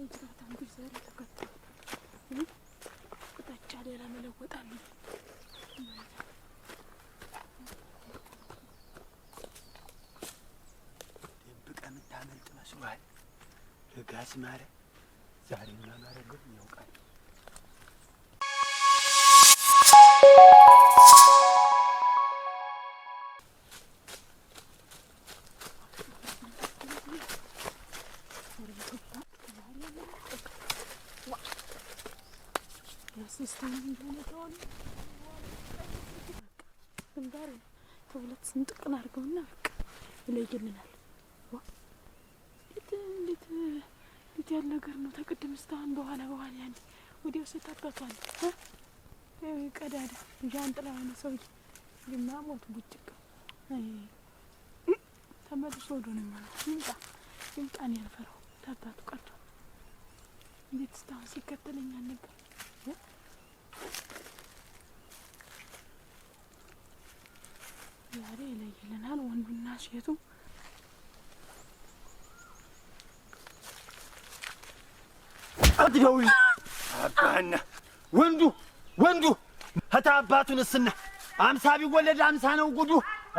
የጅራት አንዱች ዛሬ ተከቶ ቅጣጫ ሌላ መለወጥ አለ። ደብቀ የምታመልጥ መስሏል። ረጋ አዝማረ ዛሬ ምን ያውቃል ሁለት ስንጥቅን አድርገውና በቃ ብሎ ይጀምናል። እንዴት እንዴት ያለ ነገር ነው! ተቅድም እስካሁን በኋላ በኋላ ያኔ ወዲያው ስታባቷል ቀዳዳ ዣንጥላ የሆነ ሰውዬ ግና ሞቱ ቡጭቅ ተመልሶ ወዶ ነው የሚሆነው። ይምጣ ይምጣ፣ ያልፈረው ታባቱ እንዴት እስካሁን ሲከተለኝ አልነበር ዛሬ ይለይልናል ወንዱና ሴቱ። አትደውል አባና ወንዱ ወንዱ ህታ አባቱን እስና አምሳ ቢወለድ አምሳ ነው ጉዱ።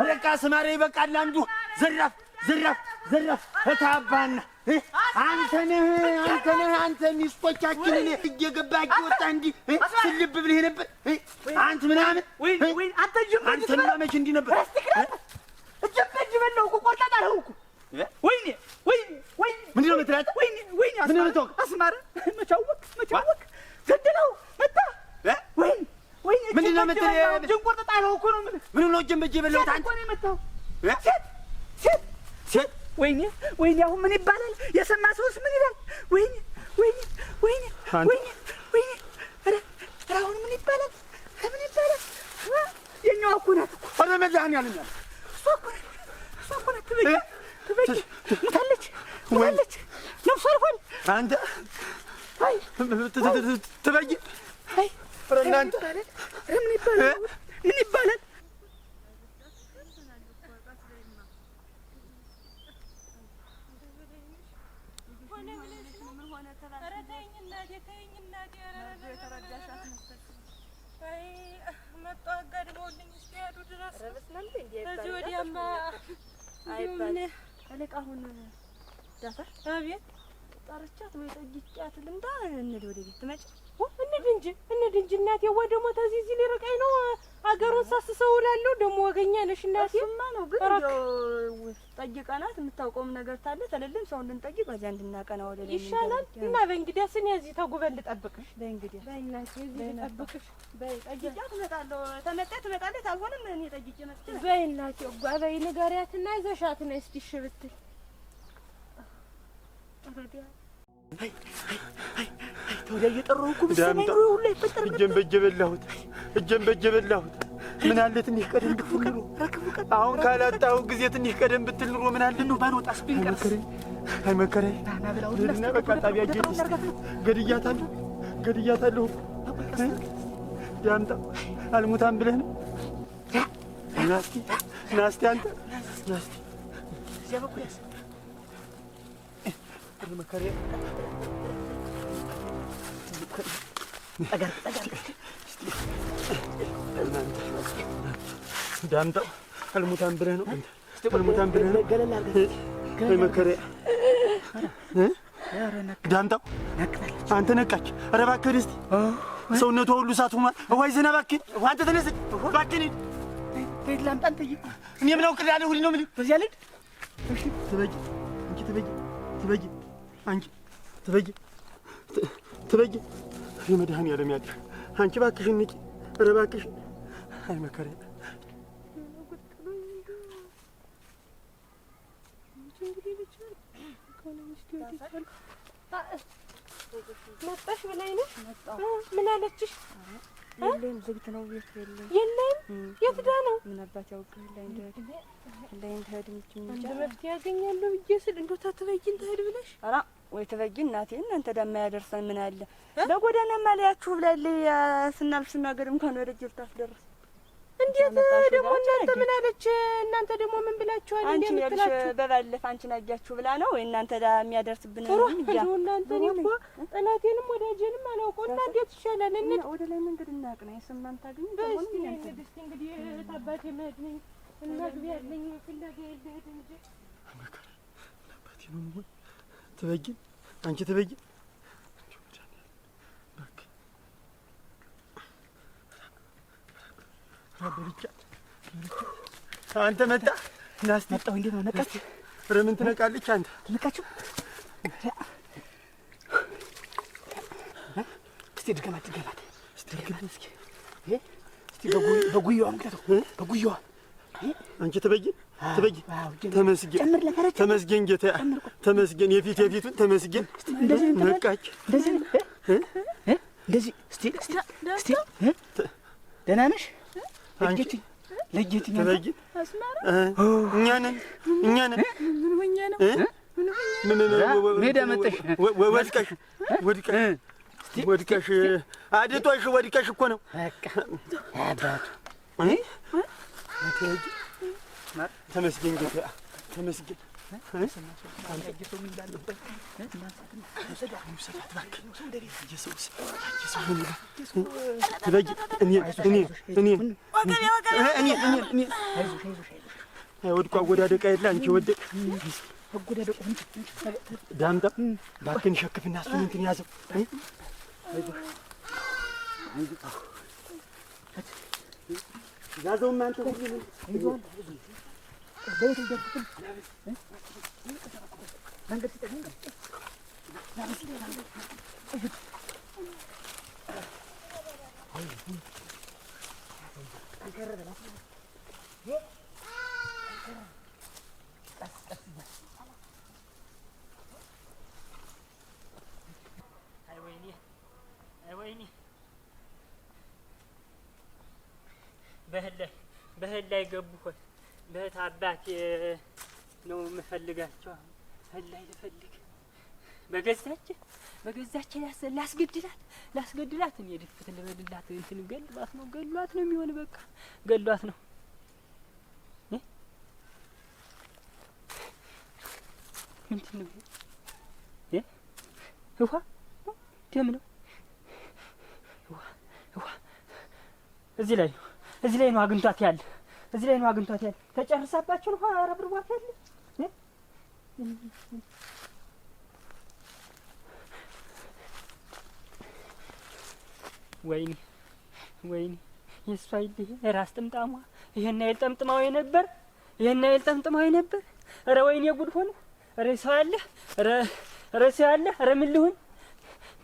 ረቃ ስማሬ ይበቃል አንዱ ዝራፍ ዝራፍ ዘራፍ እታባና አንተ ነህ አንተ ነህ አንተ ሚስቶቻችንን እንዲህ ስልብ ብለህ ነበር። አንተ ምናምን አንተ መች እንዲህ ነበር። ምንድን ነው የምትላት? አስማረ መች አወቅ መች አወቅ መጣ ምንድን ነው ጣለው እኮ ነው ነው ሴት ሴት ሴት ወይኔ ወይኔ፣ አሁን ምን ይባላል? የሰማ ሰውስ ምን ይላል? ወይኔ ወይኔ ወይኔ ወይኔ ወይኔ፣ ኧረ ኧረ፣ አሁን ምን ይባላል? ምን ይባላል? የኛዋ እኮ ናት እኮ። ኧረ መድኃኒዓለም ያለ እሷ እኮ ናት፣ እሷ እኮ ናት። ትበያ ትበያ፣ ሙታለች ሙታለች፣ ነፍሷ አልፏል። አንተ አይ ትበያ፣ አይ ኧረ እናንተ አይባልም። እልቅ አሁን ዳታ አቤት ጠርቻት ወይ ጠይቂያት ልምጣ እንሂድ ወደ ቤት ትመጪ እንሂድ እንጂ እንሂድ እንጂ እናቴ። ዋ ደግሞ ተዚህ እዚህ ሊርቀኝ ነው። አገሩን ሳስሰው እላለሁ። ደግሞ ወገኛ ነሽ እናቴ። እሱማ ነው ግን ጠይቀናት የምታውቀውም ነገር ታለ ተለልም ሰው እንድንጠይቅ በዚያ እንድናቀና ወደ ይሻላል። እና በእንግዲያ ስኔ እዚህ ተጉበን ልጠብቅሽ። በእንግዲያ በእናቴ እዚህ ልጠብቅሽ። በይ ጠይቄ ትመጣለሁ። ተመጣ ትመጣለች። አልሆንም እኔ ጠይቄ መጥቼ በይ እናቴ። ጓ በይ ንገሪያትና ይዘሻት ነው እስቲ እሺ ብትይ ተወዲያ እየጠራሁ እኮ ብትሰማኝ ኑሮ ሁሉ አይፈጠር ነበር። እጄን በእጄ በላሁት፣ እጄን በእጄ በላሁት። ምን አለ ትንሽ ቀደም ብትል ኑሮ አሁን ካላጣሁ ጊዜ ትንሽ ቀደም ብትል ኑሮ ምን አለ ነው ባልወጣስ ብንቀርስ። አይመከረኝ ልድና በቃ ጣቢያ እጄ ገድያታለሁ፣ ገድያታለሁ። ያምጣ አልሙታም ብለህ ነው ናስቲ፣ ናስቲ፣ አንተ ናስቲ እዚያ ዳምጠው አልሙታን ብለህ ነው አልሙታን ብለህ ነው መከሪያ ዳምጠው አንተ ነቃች። ኧረ እባክህን እስኪ ሰውነቷ ሁሉ እሳት ሆኗል። እዋይ ዘና እባክህን፣ አንተ ተነስ እባክህን። ሂድ ላምጣ አንተ እየሄድክ እኔ ምን አውቅልሃለሁ? ሁሌ ነው የምልህ በዚያ ልሂድ። እሺ ትበይ አንቺ ትበይ ትበይ አንቺ ትበይ ትበይ ይህ መድኃኔዓለም ያድር። አንቺ እባክሽ እንቂ፣ ኧረ እባክሽ። አይ መከራ መጣሽ ብላኝ ነው። ምን አለችሽ? የለም፣ ዝግት ነው። ቤት የለም፣ የለም። የት ዳ ነው? ምን አባት ያውቅህ። እንዳይ እንድሄድ እንጂ መፍትሄ ያገኛለሁ ብዬ ስል እንደው ታተበይን ትሄድ ብለሽ ኧረ ወይ ተበጊ እናቴ፣ እናንተ ደማ ያደርሰን ምን አለ በጎዳና ማለያችሁ ብላለች። ስናልፍ ስናገር እንኳን ወደ ጅርታፍ ደረስ እንዴት ደግሞ እናንተ ምን አለች? እናንተ ደግሞ ምን ብላችኋል? አንቺ የምትላችሁ በባለፈ አንቺን አያችሁ ብላ ነው ወይ እናንተ ዳ የሚያደርስብን ነው እንዴ? እናንተ እኮ ጠላቴንም ወዳጄንም አላውቀው እና እንዴት ይሻላል? እንዴ ወደ ላይ መንገድ እናቅ ነው የሰማን ታገኝ ደግሞ ምን እንግዲህ እንግዲህ ታባቴ መድኒ እናግቢ ያለኝ ፍላጋ የለህም እንጂ አማካሪ ታባቴ ነው ወይ ትበጊ አንቺ ትበጊ አንተ መጣ ናስቲ መጣው እንዴ ነው ነቃች። ረምን ትነቃለች። አንተ ትነቃችሁ እስቲ ድገማት ድገማት እስቲ ድገማት እስኪ እስቲ በጉያዋ ምክንያቱ በጉያዋ አንቺ ትበይ ትበይ ተመስገን ተመስገን ጌታ ተመስገን የፊት የፊቱን ተመስገን ነቃች። እንደዚህ እንደዚህ እስቲ እስቲ እስቲ ደህና ነሽ? አንቺ ለየትኛው አስማራ ምን ነው? ምን ሜዳ ወድቀሽ ወድቀሽ ወድቀሽ አድጦሽ ወድቀሽ እኮ ነው። ተመስገን ጌታ ተመስገን ወድቋ አወዳደቃ የለ አንቺ ወደቅ ዳምጣ ባክን ሸክፍና እሱን እንትን ያዘው። ያዘውማ አንተ بهلا بهلا قبوخوي በእህት አባቴ ነው የምፈልጋቸው። ፈላይ ልፈልግ በገዛች በገዛች ላስገድላት ላስገድላት እኔ ድፍት ልበልላት እንትን ገሏት ነው ገሏት ነው የሚሆን በቃ ገሏት ነው። ምንድን ነው ውሃ ደም ነው። ውሃ ውሃ እዚህ ላይ ነው እዚህ ላይ ነው አግኝቷት ያለ እዚህ ላይ ነው አግኝቷት ያለ። ተጨርሳባችሁ ነው ረብርቧት ያለ። ወይኔ ወይኔ የእሷ ራስ ጥምጣሟ ይሄን ያህል ጠምጥማው ነበር። ይሄን ያህል ጠምጥማው ነበር። ኧረ ወይኔ ጉድ ሆነ። ኧረ ሰው ያለ ኧረ ሰው ያለ ኧረ ምን ልሁን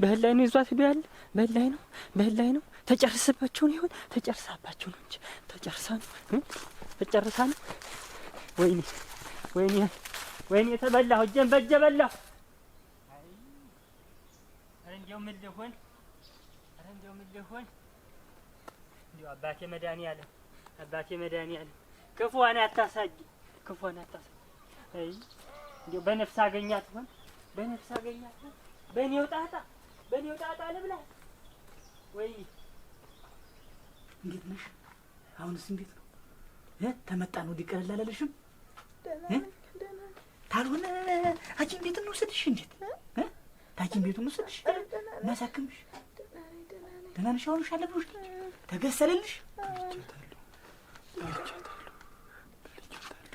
በህል ላይ ነው ይዟት ቢያል በህል ላይ ነው በህል ላይ ነው። ተጨርስባቸው ነው ይሆን ተጨርሳባቸው ነው እንጂ ተጨርሳ ነው ተጨርሳ ነው። ወይኔ ወይኔ ወይኔ የተበላሁ እጄን በእጄ በላሁ። እንደው ምን ልሆን እንደው ምን ልሆን እንደው አባቴ መድኃኒዓለም አባቴ መድኃኒዓለም ክፉዋን አታሳጅ ክፉዋን አታሳጅ። አይ እንደው በነፍስ አገኛት ሆን በነፍስ አገኛት ሆን በእኔው ጣጣ በእኔው ጣጣ ልብላ ወይ? እንዴት ነሽ? አሁንስ እንዴት ነው? ተመጣን ወዲህ ቀለል አላለሽም? ታልሆነ ሐኪም ቤት እንውሰድሽ። እንዴት ሐኪም ቤቱ እንውሰድሽ እናሳክምሽ። ደህና ነሽ? አሁንሽ አለብሽ? ተገሰለልሽ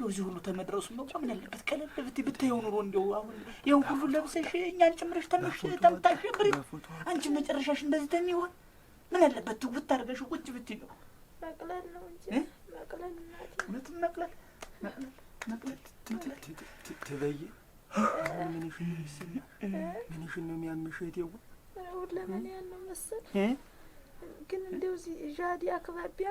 እንደው እዚህ ሁሉ ተመድረሱ መውጫ ምን አለበት? ቀለል ብትይ ብታየው ኑሮ እንደው አሁን ይኸው ሁሉ ለብሰሽ እኛን ተመሽ ተምታሽ ተምታሽብሪ አንቺ መጨረሻሽ እንደዚህ ተሚሆን ምን አለበት? ትውት አድርገሽ ቁጭ ብት ነው መቅለል ነው እንጂ መቅለል እውነትም መቅለል ትበይ ምንሽን ነው የሚያምሽ? የትየው ለምን ያለው መሰል ግን እንደው እዚህ ዣዲ አካባቢያ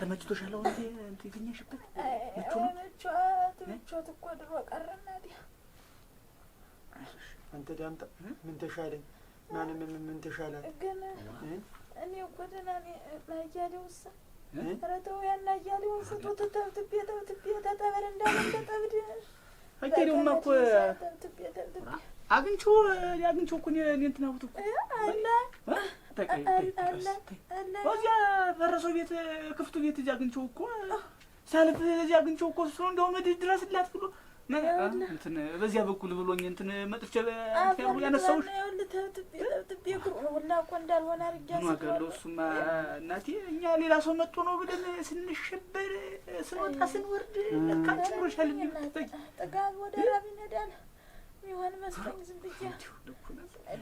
ተመችቶሻል? አሁን እንትን የተኛሽበት ምቹ ነው? ምቾት ምቾት እኮ ድሮ ቀረና አንተ ዳምጣ ምን ተሻለኝ? ማንም ምን ተሻላል? ግን እኔ እኮ ደህና ነኝ። ናያሌው እሳ ኧረ ተው ያን ናያሌውን ስጡ ቶቶ ተብትቤ ተጠበር እንዳለ ተጠብድ አያሌውማ እኮ አግኝቼው አግኝቼው እኮ እኔ እንትን አልኩት እኮ እዚያ ፈረሰው ቤት ክፍቱ ቤት እዚያ አግኝቼው እኮ ሳልፍ እዚያ አግኝቼው እኮ እሱ እንደውም ድረስላት ብሎ እንትን በዚያ በኩል ብሎኝ እንትን መጥቼ ያነሳሁሽ እሱማ እናቴ እኛ ሌላ ሰው መጥቶ ነው ብለን ስንሸበር ስንወጣ ስንወርድ ለካ ጭምሮሻል የሚጠጋ ወደ ራብ ይነዳል የሚሆን መስሎኝ ዝም ብያ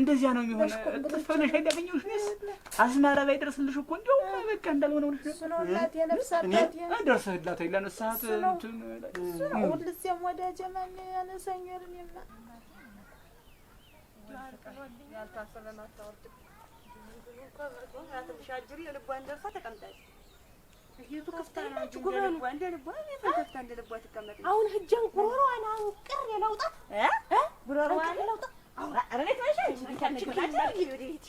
እንደዚያ ነው የሚሆነ። ጥፍ ብለሽ ነስ ላይ ደርስልሽ እኮ እንዲያው በቃ እንዳልሆነ ብለሽ ደርሰህላት ላነሳት ሁልዜም ወዳጄ ማን ያነሳኛል? እኔማ አሁን ህጃን ጉሮሮዋን ቅር ለውጣት ጉሮሮዋን ለውጣት ኧረ እኔ ትመጫለሽ።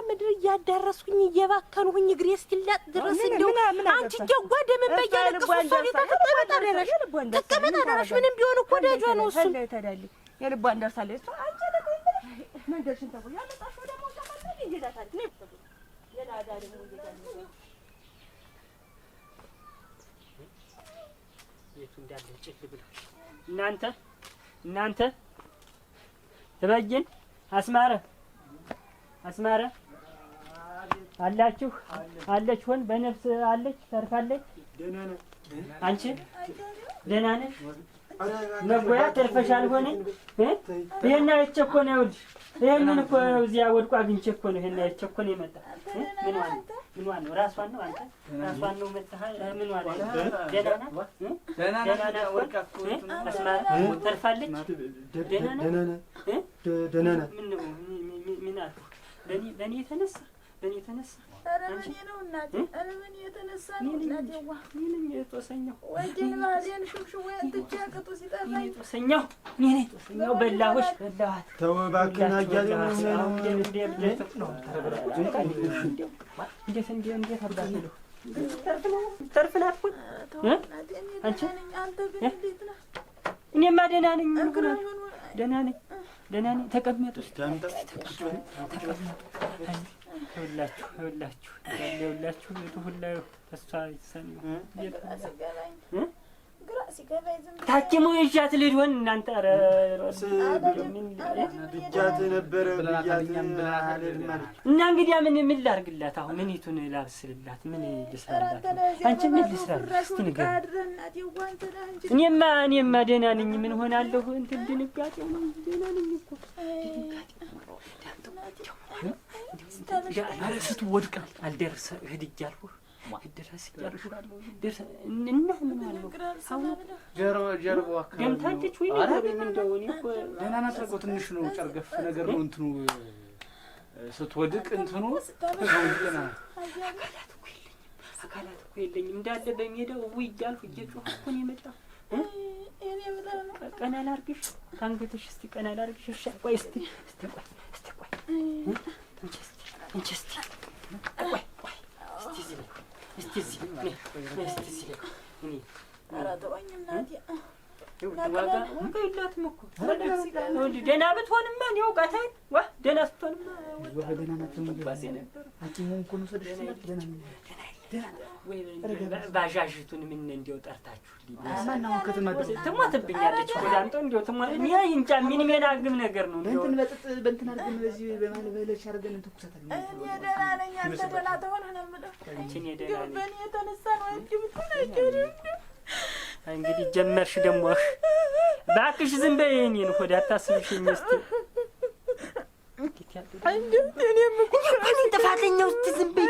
ምድር እያዳረስኩኝ እየባከንሁኝ እግሬ እስኪላጥ ድረስ እንደው አንቺ እጀጓ ደምን በያለቅሱ እሷ ቤታ ትቀመጥ አደረሽ ትቀመጥ አደረሽ። ምንም ቢሆን እኮ ደጇ ነው እሱም የልቧን ደርሳለች። እናንተ እናንተ እበይን አስማረ አስማረ አላችሁ አለች ሆን በነፍስ አለች ተርፋለች። አንቺ ደህና ነሽ? መጎያ ተርፈሻል ሆነ ይሄና የቸኮ ነው ይኸውልሽ፣ ይሄንን እኮ እዚያ ወድቆ አግኝቼ እኮ ነው ይሄና የቸኮ ነው የመጣ ምን ማለት ምን ማለት ነው? ራሷን ነው አንተ ራሷን ነው መጣህ። ምን ማለት ነው? ደህና ናት ደህና ናት ወድቃ እኮ ተስማ ተርፋለች። ደህና ናት ደህና ናት ደህና ምን ምን አልኩህ? በእኔ በእኔ የተነሳ በእኔ የተነሳ ኧረ በእኔ ነው እናቴ፣ ኧረ በእኔ የተነሳ ነው እናቴ። ዋ ሹምሹም ወይ ቅጡ ሲጠራኝ ጦሰኛው፣ ጦሰኛው። በላሁሽ፣ በላኋት። ተው እባክህን ነው እንዴት እንዴ እንዴት እኔማ ደህና ነኝ፣ ደህና ነኝ፣ ደህና ነኝ። ተቀመጡ፣ ተቀመጡ ይኸውላችሁ ይኸውላችሁ ይኸውላችሁ ቤቱ ሁላ ተስፋ ይሰማል። ታኪሙ ይዣት ልሂድ ሆን እናንተ ረስ ብቻት ነበረ እና እንግዲህ ምን ምን ላርግላት? አሁን ምን ይቱን ላብስልላት? ምን ልስራላት? አንቺ ምን ልስራላት? እስቲ ንገር። እኔማ እኔማ ደህና ነኝ። ምን ሆናለሁ? እንትን ድንጋጤ ነው። ደህና ነኝ እኮ ድንጋጤ ስቱ ወድቃ አልደርሰ እህድ ደረስ እያልኩሻለሁ። እና ምን አለው ትንሽ ነው ጨርገፍ ነገር ነው እንትኑ ስትወድቅ እንትኑ አካላት እኮ የለኝም፣ አካላት እኮ የለኝም እንዳለ በሜዳው እውይ እያልኩ እየጮህ እኮ ነው የመጣሁ። ቀና ላድርግሽ ከአንገትሽ እስቲ ቀና ላድርግሽ። እሺ ቆይ እስቲ እስቲ ቆይ እስቲ ቆይ እንቺ እንቺ ቆይ ቆይ እስቲ እዚህ እስቲ እዚህ ዋጋ የላትም እኮ ደህና ብትሆንማ እኔ አውቃታል። ደህና ባዣዥቱን ምን እንዲያው ጠርታችሁ ትሞትብኛለች። ዳምጦ እንዲያው እንጃ ምን የሚያናግም ነገር ነው። እንትን በጥጥ በእንትን አድርገን በዚህ በማለበለች አድርገን ደህና ነኝ። አንተ ደህና ነው በእኔ የተነሳ ነው እንግዲህ ጀመርሽ ደግሞ እባክሽ ዝም በይ። እኔን ሆድ አታስብሽ ሚስት እኔም ጥፋተኛው ዝም በይ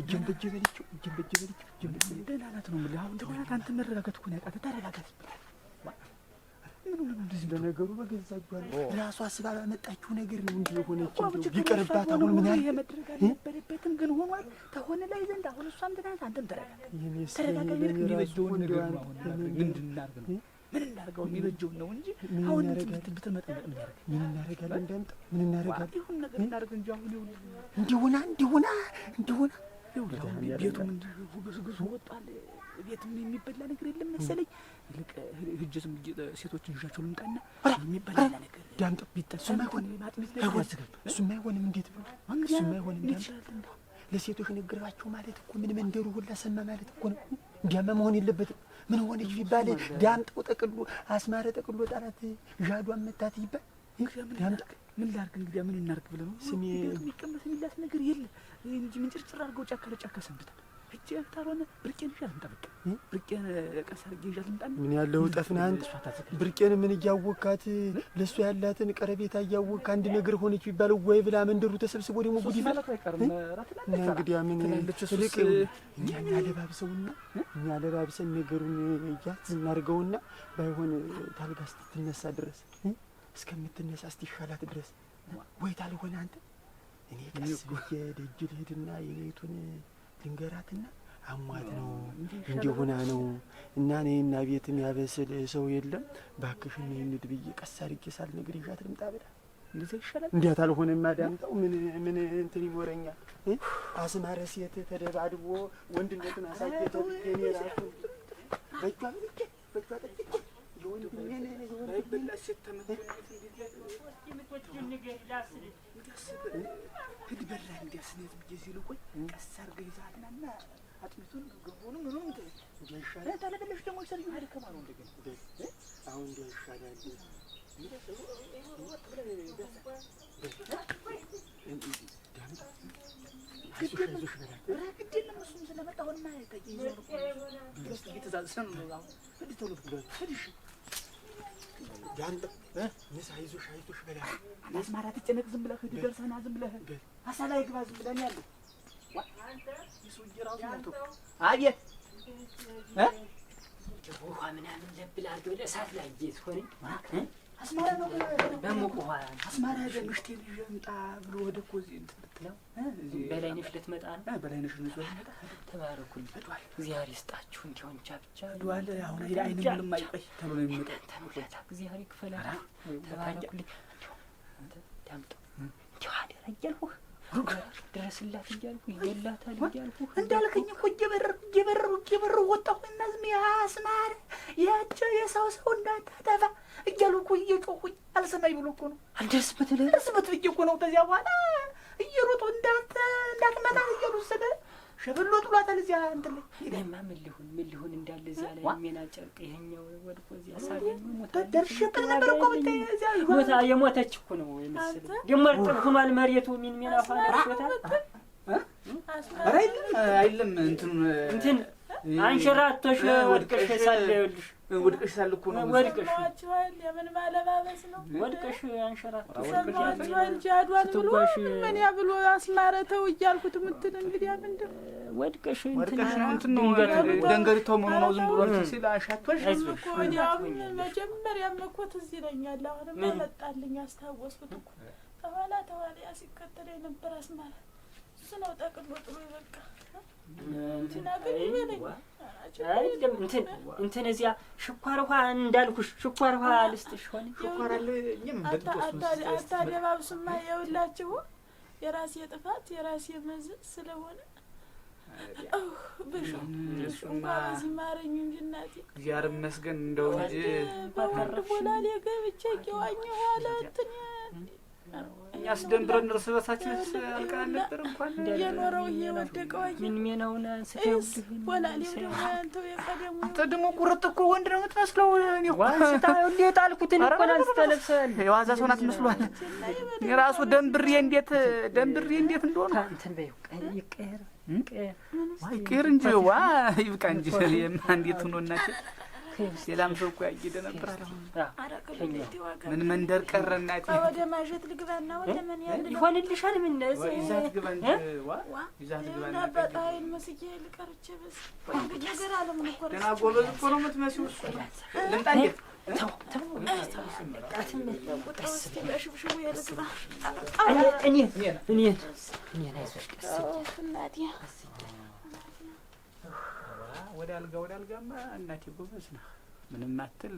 እጅን በእጅ በለችው፣ እጅን በእጅ በለችው፣ እጅን በእጅ ደህና ናት ነው የምልህ። አሁን ደህና አንተ መረጋጋት እኮ ነው ያቃተህ። ተረጋጋት ይባላል። ምን እንደዚህ? ለነገሩ በገዛ እጇ ራሷ ስባ ያመጣችው ነገር ነው እንጂ የሆነች ቢቀርባት አሁን ምን ያህል መድረግ አልነበረበትም፣ ግን ሆኗል። ተሆነ ላይ ዘንድ አሁን እሷም ደህና ናት። አንተም ተረጋጋ፣ ተረጋጋ። የሚበጀውን ነገር ምንድን እናድርግ ነው ምን እናደርገው? የሚበጀውን ነው እንጂ አሁን ብትመጠመጥ ምን ያደርግ? ምን እናደርጋለን? እንዳምጥ ምን እናደርጋለን? ይሁን ነገር እናደርግ እንጂ አሁን ይሁን እንዲሁና እንዲሁና እንዲሁና ቤቱ ገስግሱ ወጧል። ቤትም የሚበላ ነገር የለም መሰለኝ። ይልቅ ህጅ ዝም ሴቶች ይዣቸው ልምጣና የሚበላ ነገር ዳምጠው ቢጠሱም አይሆንም። እንዴት ብሎ አይሆንም። ለሴቶች ነግረዋቸው ማለት እኮ ምን መንደሩ ሁላ ሰማ ማለት እኮ ነው። እንዲያማ መሆን የለበትም። ምን ሆነች ይባል ዳምጠው ጠቅሎ አስማረ ጠቅሎ ጣላት ዣዷን መታት ይባል ዳምጠው ምን ላርግ እንግዲህ ምን እናርግ ብለህ ነው? ስሜ የሚቀመስ የሚላስ ነገር የለ እንጂ ምንጭርጭር አድርገው ጫካ ለጫካ ሰንብታል። እጅ ካልሆነ ብርቄን ይዣ ልምጣ፣ በቃ ብርቄን ቀስ አድርጌ ይዣ ልምጣ። ምን ያለው ጠፍና አንድ ብርቄን ምን እያወካት ለእሱ ያላትን ቀረቤታ እያወካ አንድ ነገር ሆነች ቢባል ወይ ብላ መንደሩ ተሰብስቦ ደግሞ ጉድ ይላል። ምን ልቅ እኛ እናለባብሰውና እኛ ለባብሰን ነገሩን እያዝ እናድርገውና ባይሆን ታልጋ ስትነሳ ድረስ እስከምትነሳ እስቲሻላት ድረስ ወይ ታልሆነ አንተ እኔ ቀስ ብዬ ደጅ ልሂድና የቤቱን ድንገራትና አሟት ነው እንዲሁና ነው እና እና ቤት የሚያበስል ሰው የለም ባክሽን የሚድ ብዬ ቀስ አድርጌ ነገር ይዣት ልምጣ ብላ እንደዛ ይሻላል። እንዲያት አልሆነማ ማዳምጠው ምን ምን እንትን ይኖረኛል? አስማረ ሴት ተደባድቦ ወንድነትን አሳየተው እኔ ራሱ በእጇ በእጇ ስለመጣሁን ማለት ነው። ትእዛዝ ሰ ነው። ቶሎ ብሎ ሽ ምሳ ይዞሽ አይዞሽ በላት። ለአስማራ ትጨነቅ ዝም ብለህ ሂድ ደርሰህና ዝም ብለህ አሳላ ይግባ ዝም ብለህ ነው ያለው። አቤት ውሃ ምናምን ለብል አድርገህ እሳት ላይ ሆነ አስማራ ነው ደሞ ቆሃ አስማራ ሄደ ምሽቴ ብሎ ወደ እኮ እንትን ብትለው በላይነሽ ልትመጣ ነው። በላይነሽ ነው ተባረኩኝ። እግዚአብሔር ይስጣችሁ። እንዲሁ እንጃ ብቻ ዱዋል አሁን አይን ምንም አይቆይ ተብሎ ነው የሚመጣው። እግዚአብሔር ይክፈላችሁ። ተባረኩልኝ። እንዲሁ ዳምጠው እንዲሁ አደራ ድረስላት እያልኩ ይበላታል እያልኩ እንዳልከኝ እኮ እየበረርኩ እየበረሩ እየበረሩ ወጣሁ እና ዝም ያቸው የሰው ሰው እንዳታጠፋ እያሉ እኮ እየጮኹኝ አልሰማኝ ብሎ እኮ ነው አልደርስበት ለ ብዬ እኮ ነው። ከዚያ በኋላ እየሮጡ እንዳትመጣ እያሉ ወሰደ ሸበሎ ጥሏታል። እዚያ እንትን ላይ ይሄማ ምን ሊሆን ምን ሊሆን እንዳለ እዚያ ላይ ሜና ጨርቅ ይሄኛው ወድቆ እዚያ ሞታ ደርሼበት ነበር እኮ ብታይ እዚያ ሞታ የሞተች እኮ ነው የመሰለኝ። ደግሞ እርጥብ ሆኗል መሬቱ ምን ሚና ፋና ሾታ ኧረ አይልም አይልም እንትን እንትን አንሸራቶሽ ወድቀሽ ሳለ ይኸውልሽ ወድቀሽ ሳል እኮ ነው። ወድቀሽ የምን ማለባበስ ነው? ወድቀሽ አንሸራተሽዋል። ጃዷን ብሎ ምን ያ ብሎ አስማረተው እያልኩት ምትን እንግዲህ ምንድን ወድቀሽ እንትን ነው ደንገሪቷ መሆኑ ነው። ዝም ብሎ ሲል አንሻቶሽ እኮ ወዲያውም መጀመሪያም እኮ ትዝ ይለኛል። አሁንም መጣልኝ አስታወስኩት እኮ ተኋላ ተኋላ ሲከተል የነበር አስማረ እሱ ነው ጠቅሎ ጥሩ ይበቃ እንትን እዚያ ሽኳር ውሃ እንዳልኩሽ ሽኳር ውሃ ልስጥሽ። ሆነ አታደባብሱማ። የውላችሁ የራሴ ጥፋት የራሴ መዝ ስለሆነ በሽ እንኳ በዚህ ማረኝ እንጂ እናቴ እግዚአብሔር ይመስገን እንደው እንጂ በወርድ ቦላሌ ገብቼ ዋኘ ኋላ እንትን እኛስ ደንብረን እርስ በርሳችንስ አልቀን ነበር። እንኳን የኖረው እየወደቀው ሚንሜናውን አንስተውስ ወላሌው ደግሞ ያንተው የቀደሙ አንተ ደግሞ ቁርጥ እኮ ወንድ ነው የምትመስለው። እንዴት አልኩትን እኮ አንስተ ለብሰል የዋዛ ሰው ናት መስሏል። የራሱ ደንብሬ እንዴት ደንብሬ እንዴት እንደሆነ አንተን በይው ይቀር ይቀር እንጂ ዋ ይብቃ እንጂ እንዴት ሆኖ እናችን ሌላም ሰው እኮ ያየደ ነበር። ምን መንደር ቀረ እናቴ። ወደ ማጀት ልግባና ወደ ምን ያለ ይሆንልሻል። ምን ይዛት መስዬ ልቀርቼ በስ ነገር አለ። ምን እኮ ደህና ጎበዝ እኮ ነው የምትመስይው። እሱ ወደ አልጋ ወደ አልጋማ እናቴ ጎበዝ ና ምንም አትል